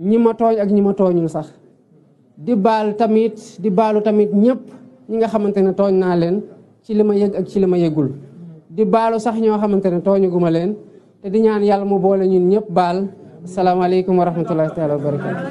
ñi ma tooñ ak ñi ma tooñul sax di baal tamit di baalu tamit ñëpp ñi nga xamante ne tooñ naa leen ci li ma yëg ak ci li ma yëgul di baalu sax ñoo xamante ne tooñaguma leen te di ñaan yàlla mu boole ñun ñëpp baal asalaamaaleykum wa rahmatullahi taala wa barakatu